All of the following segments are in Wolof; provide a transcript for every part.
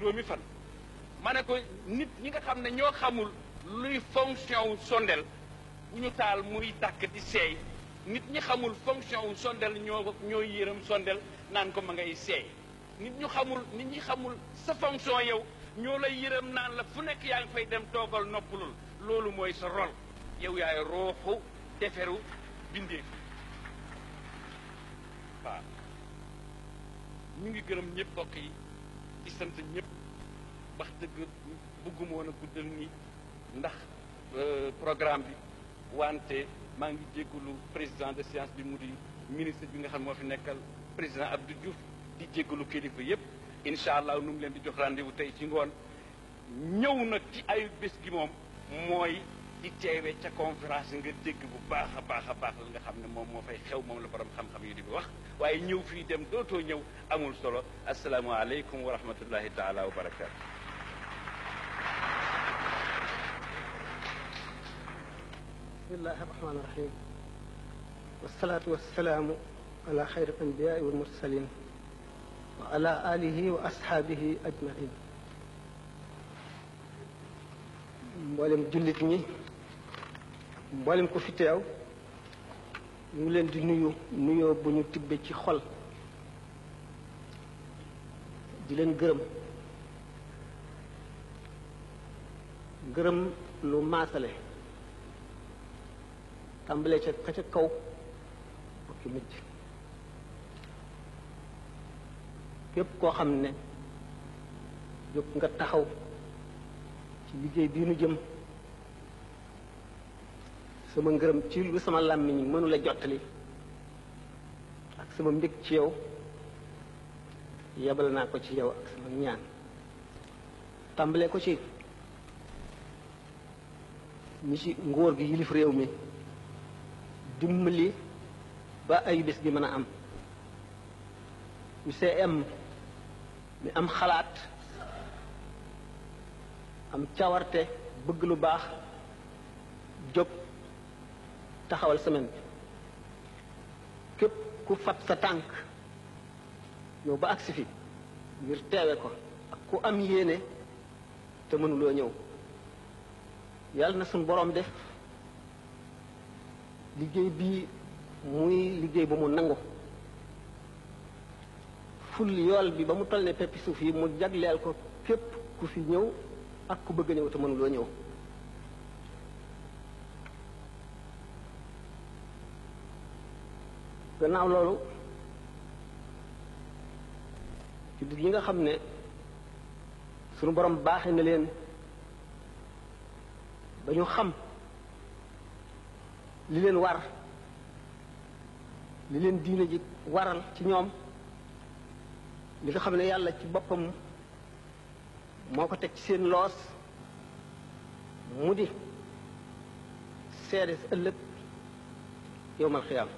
juróomi fan ma ne ko nit ñi nga xam ne ñoo xamul luy fonction wu sondeel bu ñu taal muy tàkk di seey nit ñi xamul fonction wu sondeel ñoo ñoo yërëm sondeel naan ko ma ngay seey nit ñu xamul nit ñi xamul sa fonction yow ñoo lay yërëm naan la fu nekk yaa ngi fay dem toogal noppalul loolu mooy sa rôle yow yaay rooxu deferu bindee waaw ñu ngi gërëm ñëpp mbokk yi di sant wax dëgg bëgguma woon a guddal ni ndax euh, programme bi wante maa ngi jégalu président de séance bi mu di ministre bi nga xam moo fi nekkal président Abdou Diouf di jégalu kilifa yépp incha allah nu mu leen di jox rendez tey ci ngoon ñëw nag ci ay bés gi moom mooy di teewee ca conférence nga dégg bu baax a baax a baax la nga xam ne moom moo fay xew moom la borom xam-xam yi di wax waaye ñëw fii dem dootoo ñëw amul solo asalaamaaleykum wa rahmatullahi taala wa بسم الله الرحمن الرحيم والصلاة والسلام على خير الأنبياء والمرسلين وعلى آله وأصحابه أجمعين مولم جلتني مولم كفتاو مولين دي نيو نيو بنيو تبه خل دلين جرم جرم لو ما ماسله tambale ca ka ca kaw ak ci mujj képp koo xam ne jóg nga taxaw ci liggéey bii nu jëm sama ngërëm ci lu sama làmmiñ la jottali ak sama mbég ci yow yebal naa ko ci yow ak sama ñaan tàmbalee ko ci ni ci gi yilif réew mi li ba ayu bés gi mën a am UCM mi am xalaat am cawarte bëgg lu baax jóg taxawal semaine képp ku fat sa tànk yow ba agsi fi ngir teewe ko ak ku am yéene te mënuloo ñëw yàlla na suñ boroom def liggéey bii muy liggéey ba mu nangu ful yool bi ba mu toll ne peppi suuf yi mu jagleel ko képp ku fi ñëw ak ku bëgg ñëw te mënuloo ñëw gannaaw loolu ci yi nga xam ne sunu borom baaxe na leen ba ñu xam li leen war li leen diine ji waral ci ñoom li nga xam ne yàlla ci boppam moo ko teg ci seen loos mu di seede si ëllëg yowmal xiyaam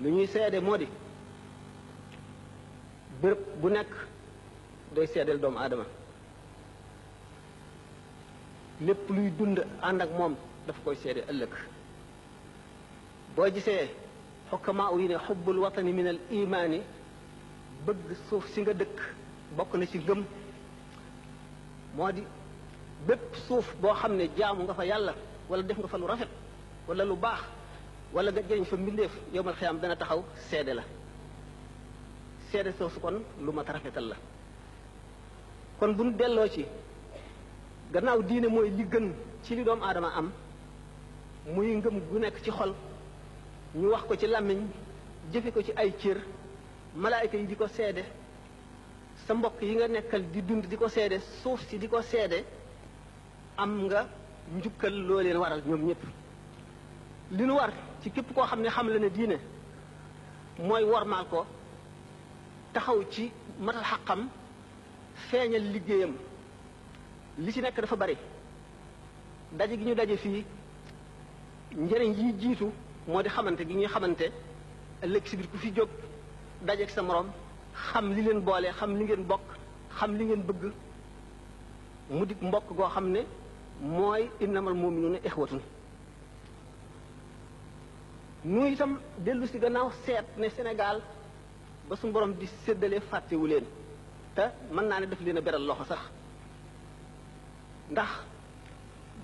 lu ñuy seede moo di béréb bu nekk day seedeel doomu aadama lépp luy dund ànd ak moom daf koy seede ëllëg boo gisee xukkamaa yi ne xubbul watani min al imaani bëgg suuf si nga dëkk bokk na ci ngëm moo di bépp suuf boo xam ne jaamu nga fa yàlla wala def nga fa lu rafet wala lu baax wala nga jëriñ fa mbindeef yowmal xiyaam dana taxaw seede la seede soosu kon lu mat rafetal la kon bu nu delloo ci gannaaw diine mooy li gën ci li doomu aadama am muy ngëm gu nekk ci xol ñu wax ko ci làmmiñ jëfe ko ci ay cër malaayka yi di ko seede sa mbokk yi nga nekkal di dund di ko seede suuf si di ko seede am nga njukkal loo leen waral ñoom ñëpp li nu war ci képp koo xam ne xam la ne diine mooy wormaal ko taxaw ci matal xaqam feeñal liggéeyam li ci nekk dafa bari daje gi ñu daje fii njëriñ yi jiitu moo di xamante gi ñuy xamante ëllëg si biir ku fi jóg dajeeg sa moroom xam li leen boole xam li ngeen bokk xam li ngeen bëgg mu di mbokk goo xam ne mooy innamal mu'minuuna ixwatun nu itam dellu si gannaaw seet ne Sénégal ba su borom di séddale fàttewu leen te mën naa ne daf leen a beral loxo sax ndax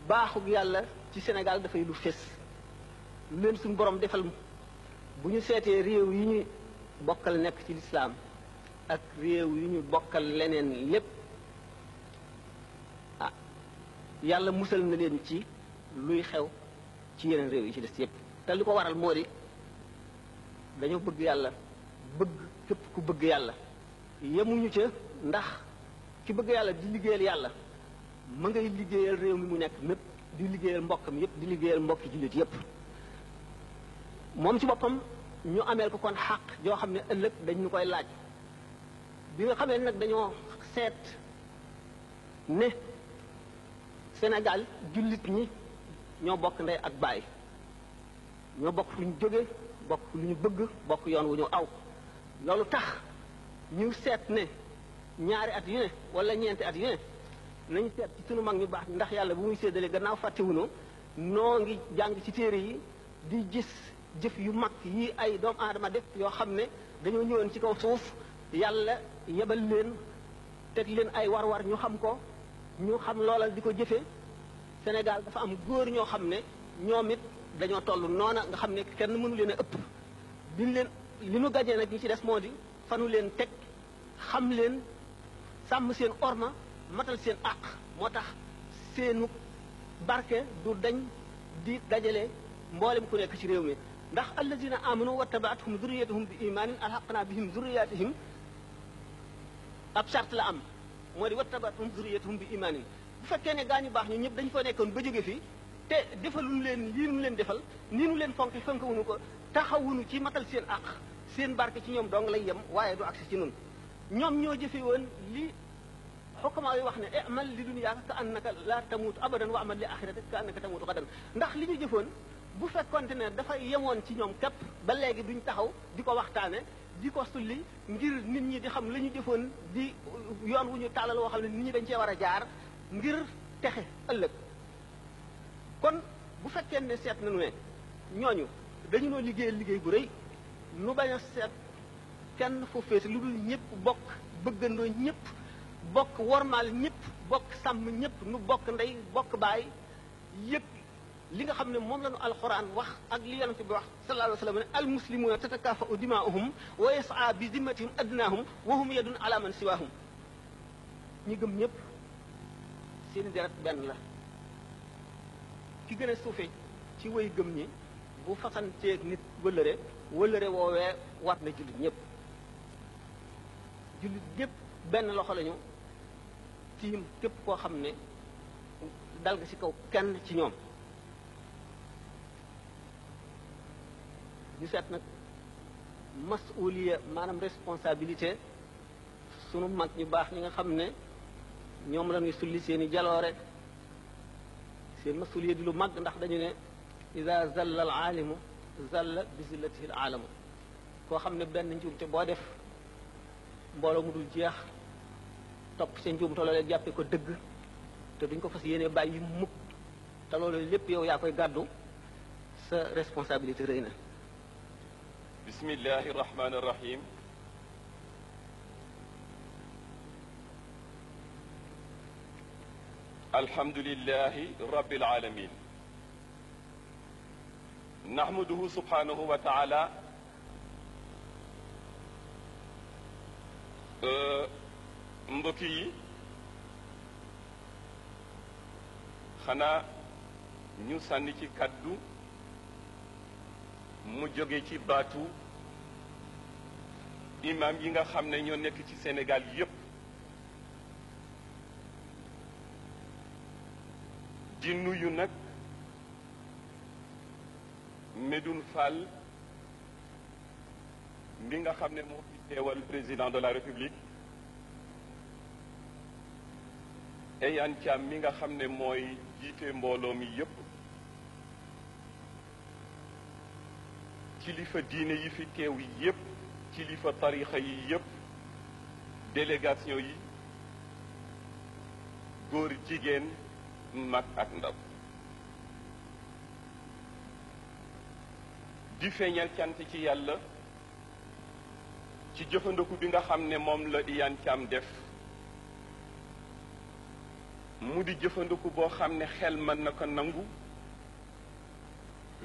baaxu yàlla ci Sénégal dafay lu fés leen suñu borom defal bu ñu seetee réew yi ñuy bokkal nekk ci lislaam ak réew yi ñu bokkal leneen lépp ah yàlla musal na leen ci luy xew ci yeneen réew yi ci des yépp te li ko waral moo di dañoo bëgg yàlla bëgg képp ku bëgg yàlla yemuñu ca ndax ki bëgg yàlla di liggéeyal yàlla ma ngay liggéeyal réew mi mu nekk mépp di liggéeyal mbokkam yépp di liggéeyal mbokki jullit yépp moom ci boppam ñu ameel ko kon xàq yoo xam ne ëllëg dañ koy laaj bi nga xamee nag dañoo seet ne Sénégal jullit ñi ñoo bokk ndey ak baay ñoo bokk fu ñu jóge bokk lu ñu bëgg bokk yoon wu ñu aw loolu tax ñu seet ne ñaari at yu ne wala ñeenti at yu ne nañu seet ci sunu mag ñu baax ndax yàlla bu muy séddale gannaaw fàttewuñu noo ngi jàng ci téere yi di gis jëf yu mag yi ay doomu aadama def yoo xam ne dañoo ñëwoon ci kaw suuf yàlla yebal leen teg leen ay war-war ñu xam ko ñu xam loolal di ko jëfe Sénégal dafa am góor ñoo xam ne ñoom it dañoo toll noona nga xam ne kenn mënu leen ëpp biñ leen li nu gajee nag ñi ci des moo di fanu leen teg xam leen sàmm seen orma matal seen àq moo tax seenu barke du dañ di dajale mboolem ku nekk ci réew mi ndax alladina amanu wattabaatuhum zurriyatuhum bi imaanin alxaqna bihim zurriyatihim ab charte la am moo di wattabaatuhum zurriyatuhum bi imaanin bu fekkee ne gaa ñu baax ñu ñëpp dañ fa nekkoon ba jóge fii te defaluñu leen lii nu leen defal nii nu leen fonk fonkewuñu ko taxawuñu ci matal seen àq seen barke ci ñoom dong lay yem waaye du agsi ci nun ñoom ñoo jëfe woon li xukkamaa yi wax ne amal li dunyaaka ka annaka laa tamuutu abadan wa amal li axirata ka annaka tamuutu xadan ndax li ñu jëfoon bu fekkonte ne dafa yemoon ci ñoom képp ba léegi duñ taxaw di ko waxtaane di ko sulli ngir nit ñi di xam la ñu jëfoon di yoon wu ñu tàllal woo xam ne nit ñi dañ cee war a jaar ngir texe ëllëg kon bu fekkee ne seet nañu ne ñooñu dañu noo liggéey liggéey bu rëy nu bañ a seet kenn fu féete lu dul ñëpp bokk bëggandoo ñëpp bokk wormaal ñëpp bokk sàmm ñëpp nu bokk ndey bokk baay yëpp li nga xamne mom lañu alquran wax ak li yalla bi wax sallallahu alayhi wa sallam al muslimuna tatakafa'u dima'uhum wa yas'a bi zimmatihim adnahum wa hum yadun ala man siwahum ñi gëm ñep seen deret ben la ki gëna soufey ci way gëm ñi bu faxante ak nit wëlëré wëlëré wowe wat na julit ñep julit ñëpp ben loxo lañu tim kep ko xamne ne dal nga ci kaw kenn ci ñoom ñu seet nag masuliya maanaam responsabilité sunu mag ñu baax ñi nga xam ne ñoom la ñuy sulli seen i jaloore seen masuliya di lu mag ndax dañu ne ida zalla al aalimu zalla bi zillatihi al aalamu koo xam ne benn njuumte boo def mbooloo mu dul jeex topp sa njuumte loolee jàppe ko dëgg te duñ ko fas yéene bàyyi mukk te loolu lépp yow yaa koy gàddu sa responsabilité rey na بسم الله الرحمن الرحيم الحمد لله رب العالمين نحمده سبحانه وتعالى آه، مبكي خنا نيو ñu كادو mu jóge ci baatu imam yi nga xam ne ñoo nekk ci Sénégal yépp di nuyu nag Medoune Fall mi nga xam ne moo fi teewal président de la République Eyane Thiam mi nga xam ne mooy jiite mbooloo mi yépp kilifa diine yi fi teew yi yépp kilifa tarixa yi yépp délégation yi góor jigéen mag ak ndaw di feeñal cant ci yàlla ci jëfandiku bi nga xam ne moom la Iyane Thiam def mu di jëfandiku boo xam ne xel mën na ko nangu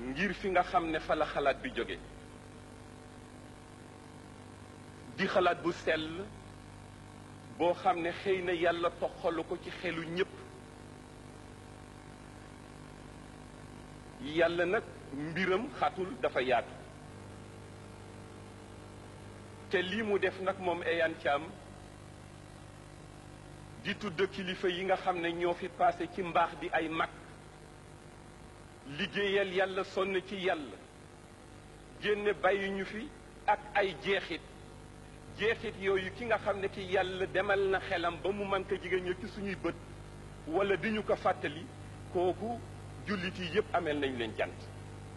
ngir fi nga xam ne fala xalaat bi jóge di xalaat bu sell boo xam ne xëy na yàlla toxalu ko ci xelu ñépp yàlla nag mbiram xatul dafa yaatu te lii mu def nag moom Eyane Thiam di tudd kilifa yi nga xam ne ñoo fi passé ci mbaax di ay mag liggéeyal yàlla sonn ci yàlla génne bàyyi ñu fi ak ay jeexit jeexit yooyu ki nga xam ne ki yàlla demal na xelam ba mu mën ko jigéen ñi ki suñuy bët wala di ñu ko fàttali kooku jullit yi yëpp amel nañ leen jant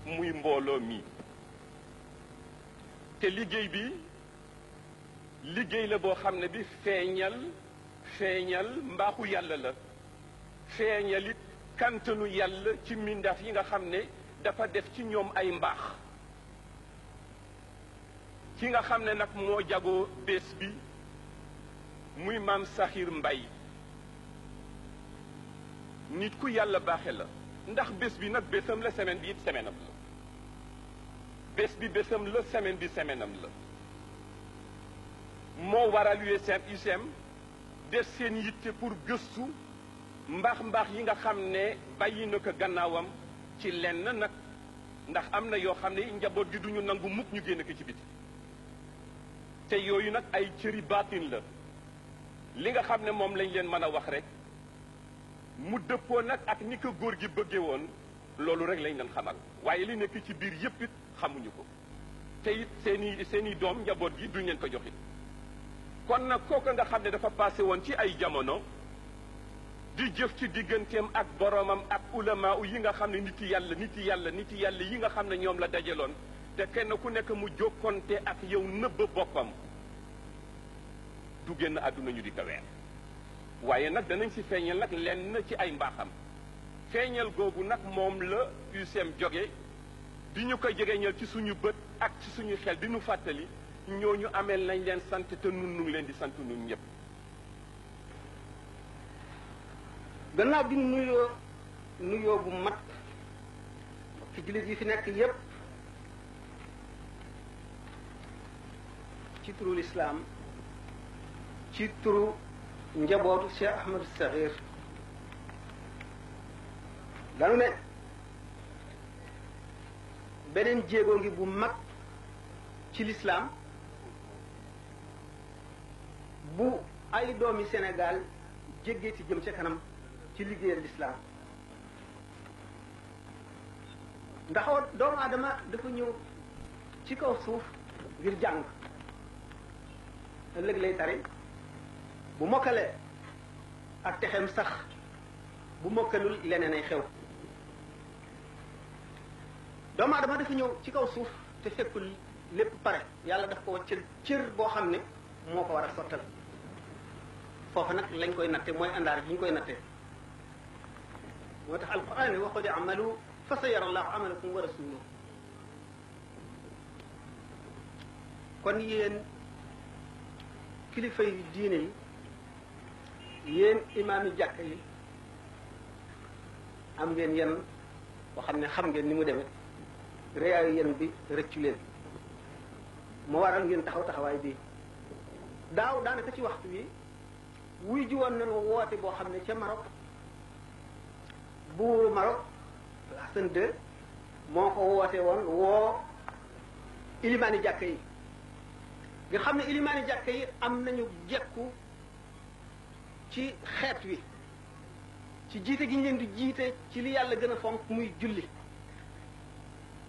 muy mbooloo mi te liggéey bi liggéey la boo xam ne bi feeñal feeñal mbaaxu yàlla la feeñal kantanu yàlla ci mbindeef yi nga xam ne dafa def ci ñoom ay mbaax ki nga xam ne nag moo jagoo bés bi muy maam Saxiir Mbay nit ku yàlla baaxe la ndax bés bi nag bésam la semaine bi it semaine la bés bi bésam la semaine bi semainam la moo waral UCM UCM def seen yitte pour gëstu mbaax-mbaax yi nga xam ne bàyyi na ko gannaawam ci lenn nag ndax am na yoo xam ne njaboot gi duñu nangu mukk ñu génn ko ci biti te yooyu nag ay cëri baatin la li nga xam ne moom lañ leen mën a wax rek mu dëppoo nag ak ni ko góor gi bëgge woon loolu rek lañ leen xamal waaye li nekk ci biir yépp it xamuñu ko te it seeni seeni doom njaboot gi duñ leen ko joxit kon nag kooku nga xam ne dafa passé woon ci ay jamono di jëf ci digganteem ak boromam ak ulama yi nga xam ne niti yàlla niti yàlla niti yàlla yi nga xam ne ñoom la dajaloon te kenn ku nekk mu jokkonte ak yow nëbb boppam du génn àdduna ñu di ko weer waaye nag danañ ci feeñal nag lenn ci ay mbaaxam feeñal googu nag moom la UCM joge di ñu ko jegeñal ci suñu bët ak ci suñu xel di ñu fàttali ñu ameel nañ leen sant te nun nu leen di sant nun ñëpp gannaaw bi nuyoo nuyoo bu mat ci jullit yi fi nekk yépp ci turu lislaam ci turu njabootu Cheikh Ahmad Saxiir danu ne beneen jéego ngi bu mag ci lislaam bu ay doomi senegaal jéggee ci jëm ca kanam ci liggéeyal lislaam ndax doomu aadama dafa ñëw ci kaw suuf ngir jàng ëllëg lay tari bu mokkalee ak texem sax bu mokkalul leneen ay xew doomu adama dafa ñëw ci kaw suuf te fekkul lépp pare yàlla daf ko wàccal cër boo xam ne moo ko war a sottal foofu nag lañ koy natte mooy àndaar bi ñu koy nattee moo tax alquran ne wa qul i'malu fa sayara allahu amalakum wa rasuluhu kon yéen kilifa yi diine yi yéen imaam yi jàkk yi am ngeen yenn boo xam ne xam ngeen ni mu demee réyaayu yenn bi rëccu leen moo waral ngeen taxaw taxawaay bii daaw daanaka ci waxtu wi wuy ji woon nañu woote boo xam ne ca Maroc buuru Maroc Hassan moo ko woote woon woo ilimaani jàkka yi nga xam ne ilimaani jàkka yi am nañu jekku ci xeet wi ci jiite gi ñu leen di jiite ci li yàlla gën a fonk muy julli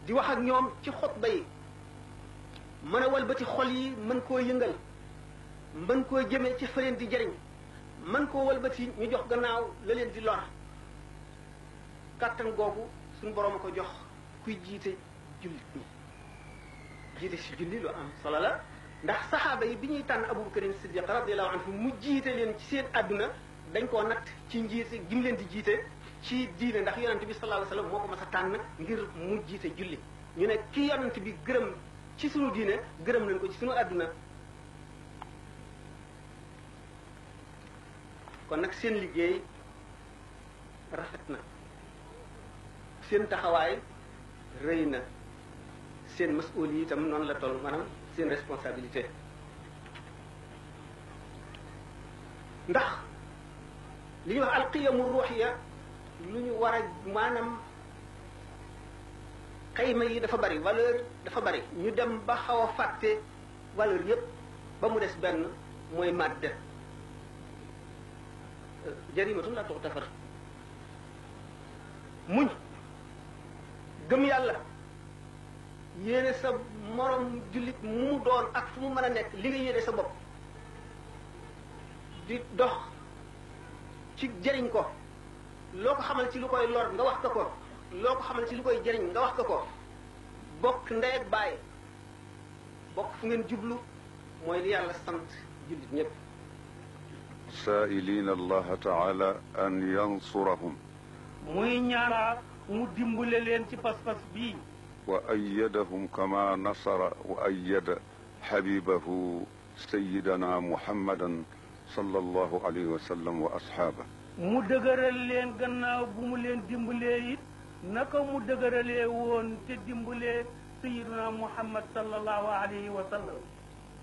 di wax ak ñoom ci xutba yi mën a walbati xol yi mën koo yëngal mën koo jëme ci fa leen di jëriñ mën koo walbati ñu jox gannaaw la leen di lor kàttan googu suñu borom ko jox kuy jiite jullit ñi jiite si julli lu am solo la ndax saxaaba yi bi ñuy tànn aboubacarin siddiq radiallahu anhu mu jiite leen ci seen àdduna dañ koo natt ci njiite gim leen di jiite ci diine ndax yonent bi sallallahu alayhi wasallam moo ko mas a tànn ngir mu jiite julli ñu ne ki yonent bi gërëm ci sunu diine gërëm lañ ko ci sunu àdduna kon nag seen liggéey rafet na seen taxawaay rëy na seen masuul yi itam noonu la toll maanaam seen responsabilité ndax li ñuy wax alqiyamu ruuxiya lu ñu war a maanaam xayma yi dafa bari valeur dafa bari ñu dem ba xaw a fàtte valeur yépp ba mu des benn mooy madde jarimatun la tuxtafar muñ gëm yàlla yéene sa morom jullit mu mu doon ak fu mu mën a nekk li nga yéene sa bopp di dox ci jëriñ ko loo ko xamal ci lu koy lor nga wax ko ko loo ko xamal ci lu koy jëriñ nga wax ko ko bokk ndey ak bàyyi bokk fu ngeen jublu mooy li yàlla sant jullit ñëpp سائلين الله تعالى أن ينصرهم. وأيدهم كما نصر وأيد حبيبه سيدنا محمدا صلى الله عليه وسلم وأصحابه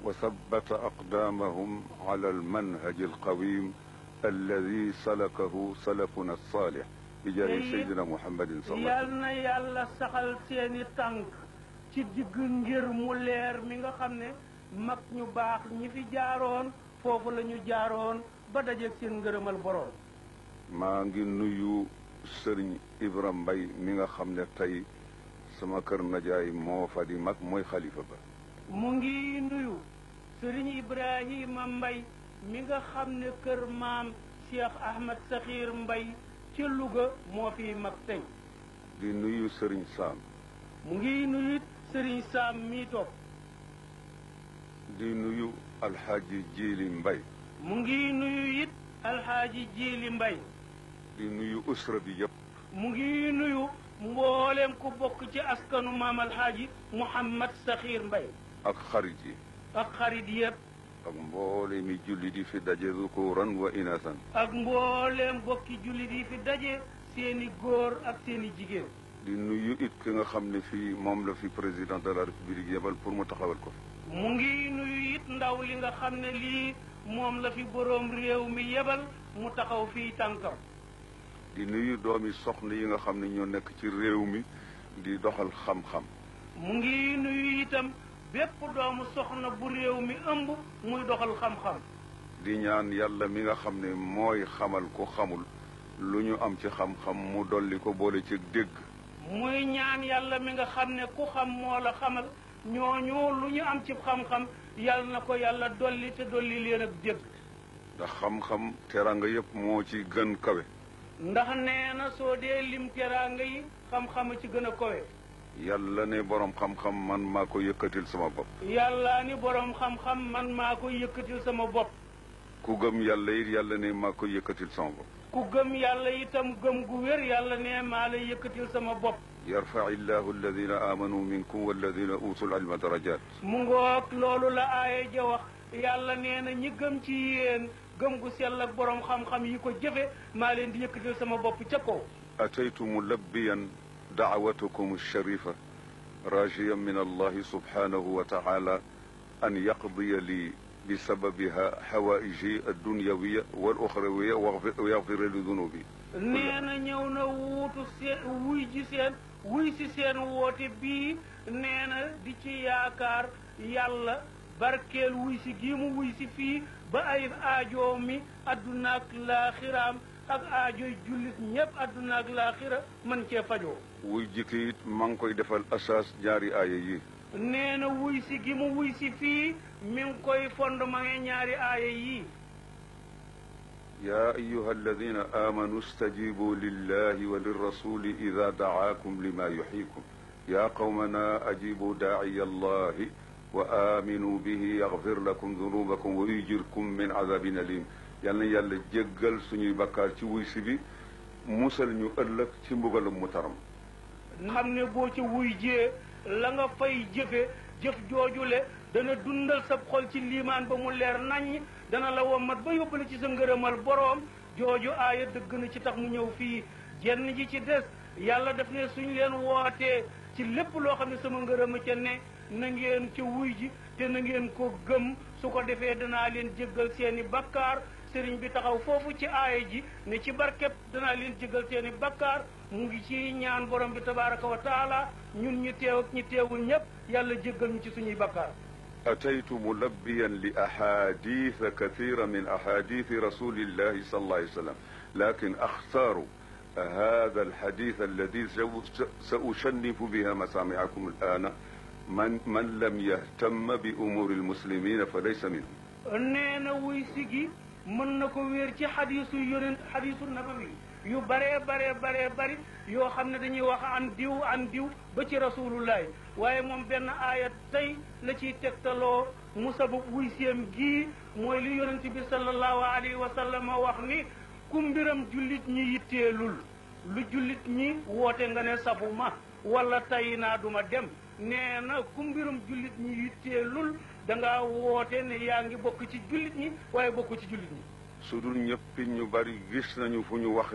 وثبت اقدامهم على المنهج القويم الذي سلكه سلفنا الصالح bi jaahi yal na yàlla saxal seeni tànk ci digg ngir mu leer mi nga xam ne mag ñu baax ñi fi jaaroon foofu lañu jaaroon ba dajeeg seen ngërëmal boroom maa ngi nuyu sëriñ Ibra Mbay mi nga xam ne tey sama kër najaay moo fa di mag mooy xalifa ba mu ngi nuyu sëriñ Ibrahima Mbay mi nga xam ne kër maam Cheikh Ahmad Saxiir Mbay ci Louga moo fi mag sëñ di nuyu sëriñ saam mu ngi nuyu sëriñ saam mii toog di nuyu alxaaji jiili mbay mu ngi nuyu it alxaaji jiili mbay di nuyu usra bi yëpp mu ngi nuyu mboolem ku bokk ci askanu maam alxaaji muhammad saxiir mbay ak xarit yi ak xarit yëpp ak mboole mi julli di fi daje zukuran wa inasan ak mboole mbokki julli di fi daje seeni góor ak seeni jigéen di nuyu it ki nga xam ne fii moom la fi président de la république yebal pour mu taxawal ko fi mu ngi nuyu it ndaw li nga xam ne lii moom la fi boroom réew mi yebal mu taxaw fii tànkam di nuyu doomi soxna yi nga xam ne ñoo nekk ci réew mi di doxal xam-xam mu ngi nuyu itam bépp doomu soxna bu réew mi ëmb muy doxal xam-xam di ñaan yàlla mi nga xam ne mooy xamal ko xamul lu ñu am ci xam-xam mu dolli ko boole ci dégg muy ñaan yàlla mi nga xam ne ku xam moo la xamal ñooñu lu ñu am ci xam-xam yàlla na ko yàlla dolli te dolli leen ak dégg ndax xam-xam teraanga yépp moo ci gën kawe ndax nee na soo dee lim teraanga yi xam-xam a ci gën a kawe yàlla ne borom xam-xam man maa ko yëkkatil sama bopp. yàlla ne borom xam-xam man maa ko yëkkatil sama bopp. ku gëm yàlla it yàlla ne maa ko yëkkatil sama bopp. ku gëm yàlla itam gëm gu wér yàlla ne maa la yëkkatil sama bopp. yarfaci llahu alladina aamanu minkum walladina utul ilma darajat. mu ngoog loolu la aaya ja wax yàlla nee na ñi gëm ci yéen gëm gu sell ak borom xam-xam yi ko jëfe maa leen di yëkkatil sama bopp ca kaw. ataytu mulabbiyan دعوتكم الشريفة راجيا من الله سبحانه وتعالى ان يقضي لي بسببها حوائجي الدنيوية والاخروية ويغفر لذنوبي نينا نيونا ووت ويسي ويسسين ووت بي نينا ديكي ياكار يالا باركيل ويسي جيمو ويسي في بأير آجومي أدناك لاخرام أك آجو جلس نيب أدناك لا لاخرة من كيف أجوم وي جيتيت مانكوي ديفال اساس نياري يي نينا ويسي جيمو ويسي في مينكوي فوند ماغي نياري اي يي يا ايها الذين امنوا استجيبوا لله وللرسول اذا دعاكم لما يحييكم يا قومنا اجيبوا داعي الله وامنوا به يغفر لكم ذنوبكم ويجركم من عذاب اليم يالنا يالا جيغال سوني بكار سي ويسي بي موسل ني اولك سي مبالم محترم xam ne boo ca wuy jiyee la nga fay jëfe jëf joojule dana dundal sa xol ci liimaan ba mu leer naññ dana la mat ba yóbbale ci sa ngërëmal boroom jooju aaya dëgg na ci tax mu ñëw fii jenn ji ci des yàlla def ne suñ leen wootee ci lépp loo xam ne sama ngërëma ca ne nangeen ngeen ca wuy ji te na ngeen ko gëm su ko defee danaa leen jéggal seeni bakkaar sëriñ bi taxaw foofu ci aaya ji ne ci barkeb danaa leen jéggal seeni bakkaar أتيت ملبيا لأحاديث كثيرة من أحاديث رسول الله صلى الله عليه وسلم لكن أختار هذا الحديث الذي سأشنف بها مسامعكم الآن من, من لم يهتم بأمور المسلمين فليس منهم نانا ويسيجي من نكو حديث حديث النبوي yu bare bare bare bari yoo xam ne dañuy wax an diw an ba ci rasulullahi waaye moom benn aaya tey la ciy tegtaloo mu sabab wuy siyam gii mooy li yonent bi sallallahu alayhi wa sallam wax ni ku mbiram jullit ñi yitteelul lu jullit ñi woote nga ne sabu ma walla tay naa duma dem nee na ku mbiram jullit ñi yitteelul da ngaa woote ne yaa ngi bokk ci jullit ñi waaye bokk ci jullit ñi su dul ñëpp ñu bari gis nañu fu ñu wax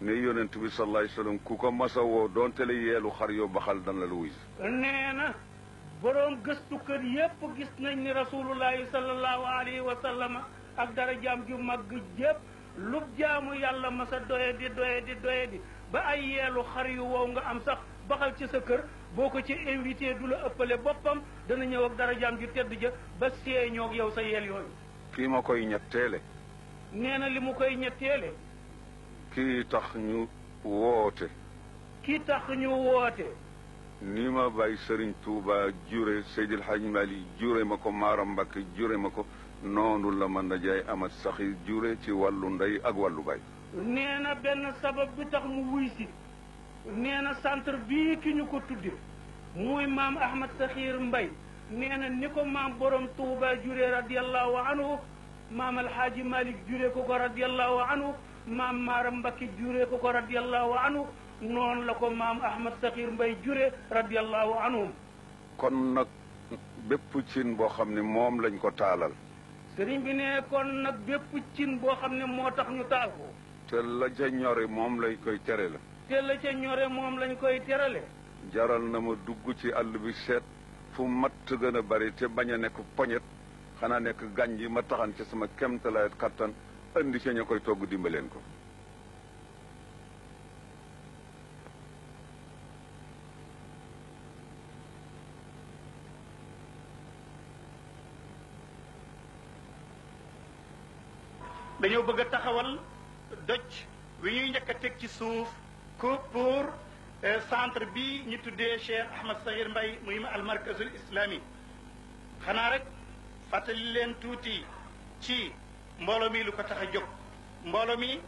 ne yonent bi sallallahu alayhi wasallam ku ko masa woo doonte la yeelu xar yoo baxal dana la wuy nee na boroom gëstu kër yépp gis nañ ni rasulullahi sallallahu alayhi wa sallam ak dara jaam ju màgg jépp lub jaamu yàlla masa doye di doye di doye di ba ay yeelu xar yu wow nga am sax baxal ci sa kër boo ko ci invité du la ëppale boppam dana ñëw ak dara jaam ju tedd ja ba seeñoog yow sa yeel yooyu kii ma koy ñetteele nee na li mu koy ñetteele kii tax ñu woote kii tax ñu woote ni ma bàyyi Serigne Touba jure Seydil Hadj Mali jure ma ko Maara Mbakke jure ma ko noonu la mën na jaay amat saxi jure ci wàllu ndey ak wàllu baay nee benn sabab bi tax mu wuy si nee na centre bii ki ñu ko tudde muy maam Ahmad Saxiir Mbay nee ni ko maam borom Touba jure radiallahu anhu maam alxaaji malik juree ko ko radiallahu anhu maam maaram mbakki juree ko ko radiallahu anhu noonu la ko maam ahmad saxir mbay jure radiallahu anhum kon nag bépp cin boo xam ne moom lañ ko taalal sëriñ bi ne kon nag bépp cin boo xam ne moo tax ñu taal ko te la ca ñore moom lañ koy tere la te la ca ñore moom lañ koy terale jaral na ma dugg ci àll bi seet fu matt gën a bari te bañ a nekk poñet xana nek gàñ ji ma taxan ci sama kemtalaayat katan indi ci ña koy togg dimbaleen ko dañu bëgg taxawal doj wi ñuy ñëk tek ci suuf ko pour centre bi ñu tuddé Cheikh Ahmad Sahir Mbaye muy markaz al islami xana rek fàttali leen tuuti ci mbooloo mi lu ko tax a jóg mbooloo mi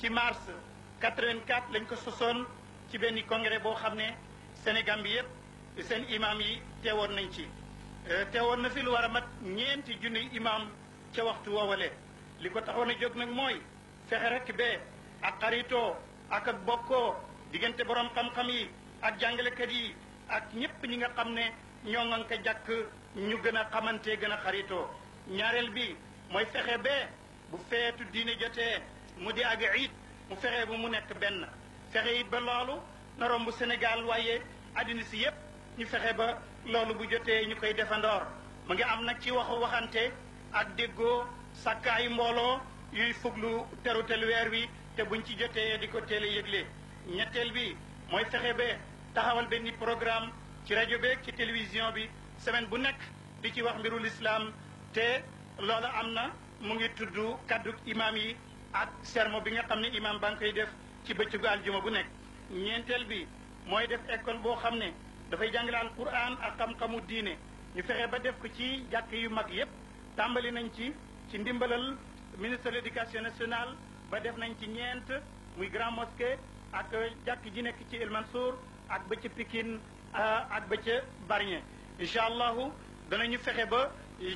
ci mars 84 lañ ko sosoon ci benn congrès boo xam ne Sénégal bi yépp seen imam yi teewoon nañ ci euh, te woon na fi lu war a mat ñeenti junni imam ca waxtu woowale li ko taxoon a jóg nag mooy fexe rek bee ak xaritoo ak ak bokkoo diggante borom xam-xam yi ak jàngalekat yi ak ñépp ñi nga xam ne ñoo ngan jàkk ñu gën a xamante gën a xaritoo ñaareel bi mooy fexe ba bu feetu diine jotee mu di ak iid mu fexe bu mu nekk benn fexe it ba loolu na romb Sénégal waaye addina si yépp ñu fexe ba loolu bu jotee ñu koy defandoor mu ngi am nag ci waxu waxante ak déggoo sàkkaayu mbooloo yuy fuglu teru weer wi te buñ ci jotee di ko teel a ñetteel bi mooy fexe ba taxawal benn programme ci rajo beeg ci télévision bi semaine bu nek di ci wax mbirul islam te loola amna mu ngi tuddu kaddu Imam yi ak sermo bi nga xamni imam bankay def ci bëccëgu aljuma bu nek ñentel bi moy def école boo xam ne dafay jàngale alquran ak xam-xamu diine ñu fexé ba def ko ci jakk yu mag yépp tàmbali nañ ci ci ndimbalal ministre de l'éducation nationale ba def nañ ci ñent muy grand mosquée ak jakk ji nekk ci El Mansour ak ba ci Pikine euh, ak ba ca Barñe incha allahu ñu fexe ba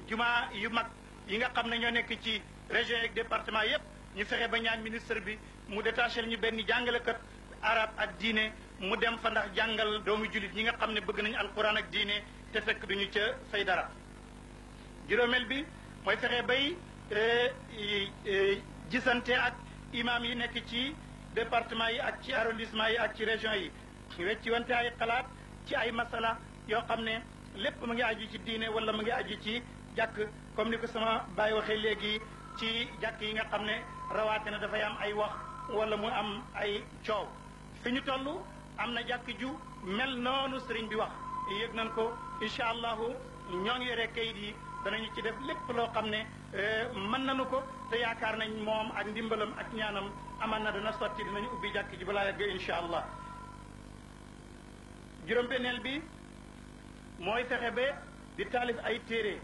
jumaa yu mag yi nga xam ne ñoo nekk ci région ak département yépp ñu fexe ba ñaan ministre bi mu détaché ñu benn jàngalekat arab ak diine mu dem fa ndax jàngal doomu jullit ñi nga xam ne bëgg nañu alquran ak diine te fekk du ñu ca fay dara juróomeel bi mooy fexe bay eh, eh, gisante ak imam yi nekk ci département yi ak ci arrondissement yi ak ci région yi wecci wante ay xalaat ci ay masala yoo xam ne lépp mu ngi aji ci diine wala mu ngi aji ci jàkk comme ni ko sama bàyyi waxee léegi ci jàkk yi nga xam ne rawaate na dafay am ay wax wala mu am ay coow fi ñu toll am na jàkk ju mel noonu sëriñ bi wax yëg nañ ko incha allahu ñoo ngi yore kayit yi danañu ci def lépp loo xam ne euh, mën nañu ko te yaakaar nañ moom ak ndimbalam ak ñaanam aman na dana sotti dinañu ubbi jàkk ji balaa yàgg incha allah juróom-benneel bi mooy fexe ba di taalif ay téere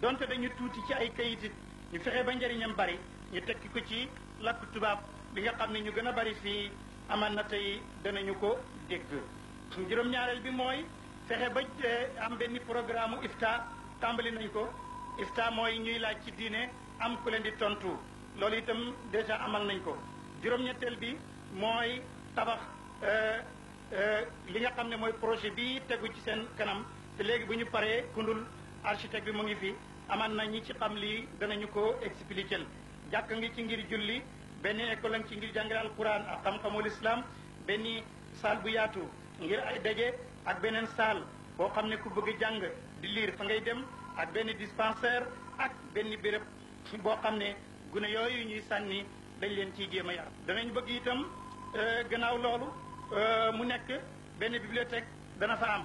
donte dañu tuuti ci ay kayitit ñu fexe ba njëriñam bari ñu tekki ko ci làkk tubaab bi nga xam ne ñu gën a bari fii amaan na tey danañu ko dégg juróom-ñaareel bi mooy fexe ba eh, am benn programme u ifta tàmbali nañ ko ifta mooy ñuy laaj ci diine am ku leen di tontu loolu itam déjà amal nañ ko juróom-ñetteel bi mooy tabax eh, eh, li nga xam ne mooy projet bi tegu ci seen kanam te léegi bu ñu paree kundul architecte bi mu ngi fi amaan nañ ñi ci xam lii danañu ko expliquer jàkk ngi ci ngir julli benn école ngi ci ngir jàngale alquran ak xam-xamul islam benn saal bu yaatu ngir ay daje ak beneen saal boo xam ne ku bëgg jàng di liir fa ngay dem ak benn dispensaire ak benn béréb boo xam ne gune yooyu ñuy sànni dañ leen ci jéem a yar danañ bëgg itam euh, gannaaw loolu euh, mu nekk benn bibliothèque dana fa am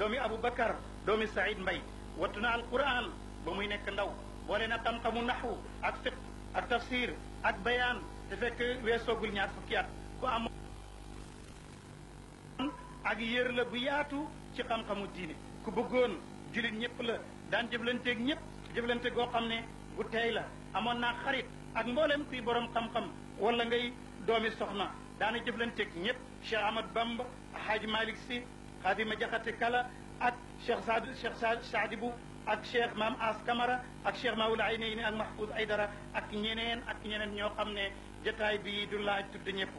doomi Aboubacar doomi Saïd Mbay wattu na alquran ba muy nekk ndaw boole na xam-xamu naxwu ak fiq ak tafsir ak bayaan te fekk weesoogul ñaar fukki at ku am ak yër la bu yaatu ci xam-xamu diine ku bëggoon julit ñëpp la daan jëflanteeg ñëpp jëflante goo xam ne bu teey la amoon naa xarit ak mboolem kuy borom xam-xam wala ngay doomi soxna daana jëflanteeg ñëpp Cheikh Ahmad Bamba Hadj Malick Sy xaadima jaxate kala ak cheikh sad saadi bu ak cheikh mam as kamara ak cheikh wula ay ne ni ak ay dara ak ñeneen ak ñeneen ñoo xam ne jataay bi du laaj tudd ñëpp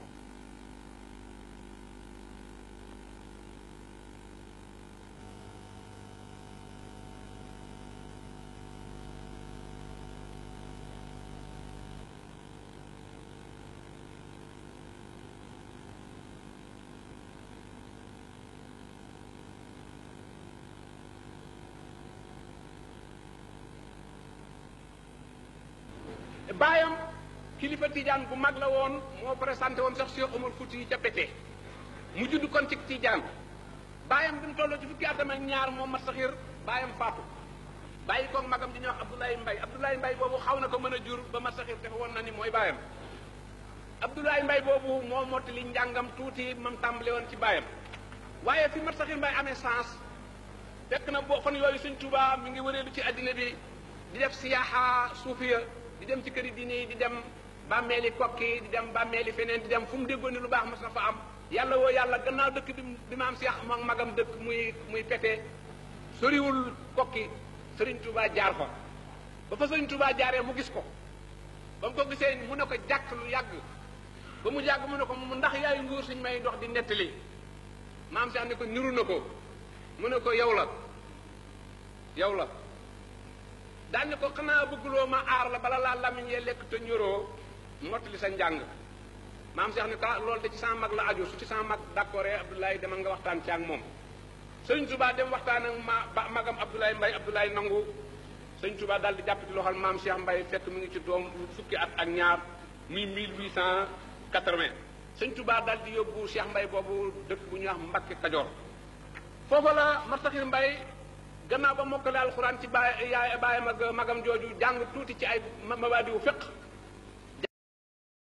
kilifa tidiane bu mag la woon moo présenté woon sax cheikh omar fouti yi ca pété mu judd kon ci tidiane bayam bi mu tolloo ci fukki adama ñaar moom ma saxir bayam faatu bàyyi koog magam di ñuy wax abdoulaye mbay abdoulaye mbay boobu xaw na ko mën a jur ba ma saxir dafa woon na ni mooy bayam abdoulaye mbay boobu moo li njàngam mam tàmbale woon ci bayam waaye fi mat saxir mbay amee sens fekk na bo fan yooyu suñ tuba mi ngi wëreelu ci àddina bi di def siyaaxa suufiya di dem ci di dem bàmmeeli kokki di dem bàmmeeli feneen di dem fu mu déggoon lu baax mos na fa am yàlla woo yàlla gannaaw dëkk bi bi maam Seex moom magam dëkk muy pete soriwul kokki Sëriñ Tuubaa jaar fa ba fa Sëriñ Tuubaa jaaree mu gis ko ba mu ko gisee mu ne ko jàkk lu yàgg ba mu yàgg mu ne ko mu ndax yaay suñ may dox di nettali maam ne ko niru na ko mu ne ko yow la yow la daal ni ko xanaa bëgguloo ma aar la bala laa lamiñ yee lekk te mottali sa njàng maam cheikh ne ta loolu de ci sama mag la aju su ci sama mag d'accordé abdoulaye dama nga waxtaan ci ak moom sëñ tuba dem waxtaan ak ma ba magam abdoulaye mbay abdoulaye nangu sëñ tuba dal di jàpp ci loxal maam cheikh mbay fekk mu ngi ci doom fukki at ak ñaar muy 1880 sëñ tuba dal di yóbbu cheikh mbay boobu dëkk bu ñu wax mbakke kajoor foofa la martaxir mbay gannaaw ba mokkale alquran ci baay yaay baayam mag magam jooju jàng tuuti ci ay mabadiwu fiqh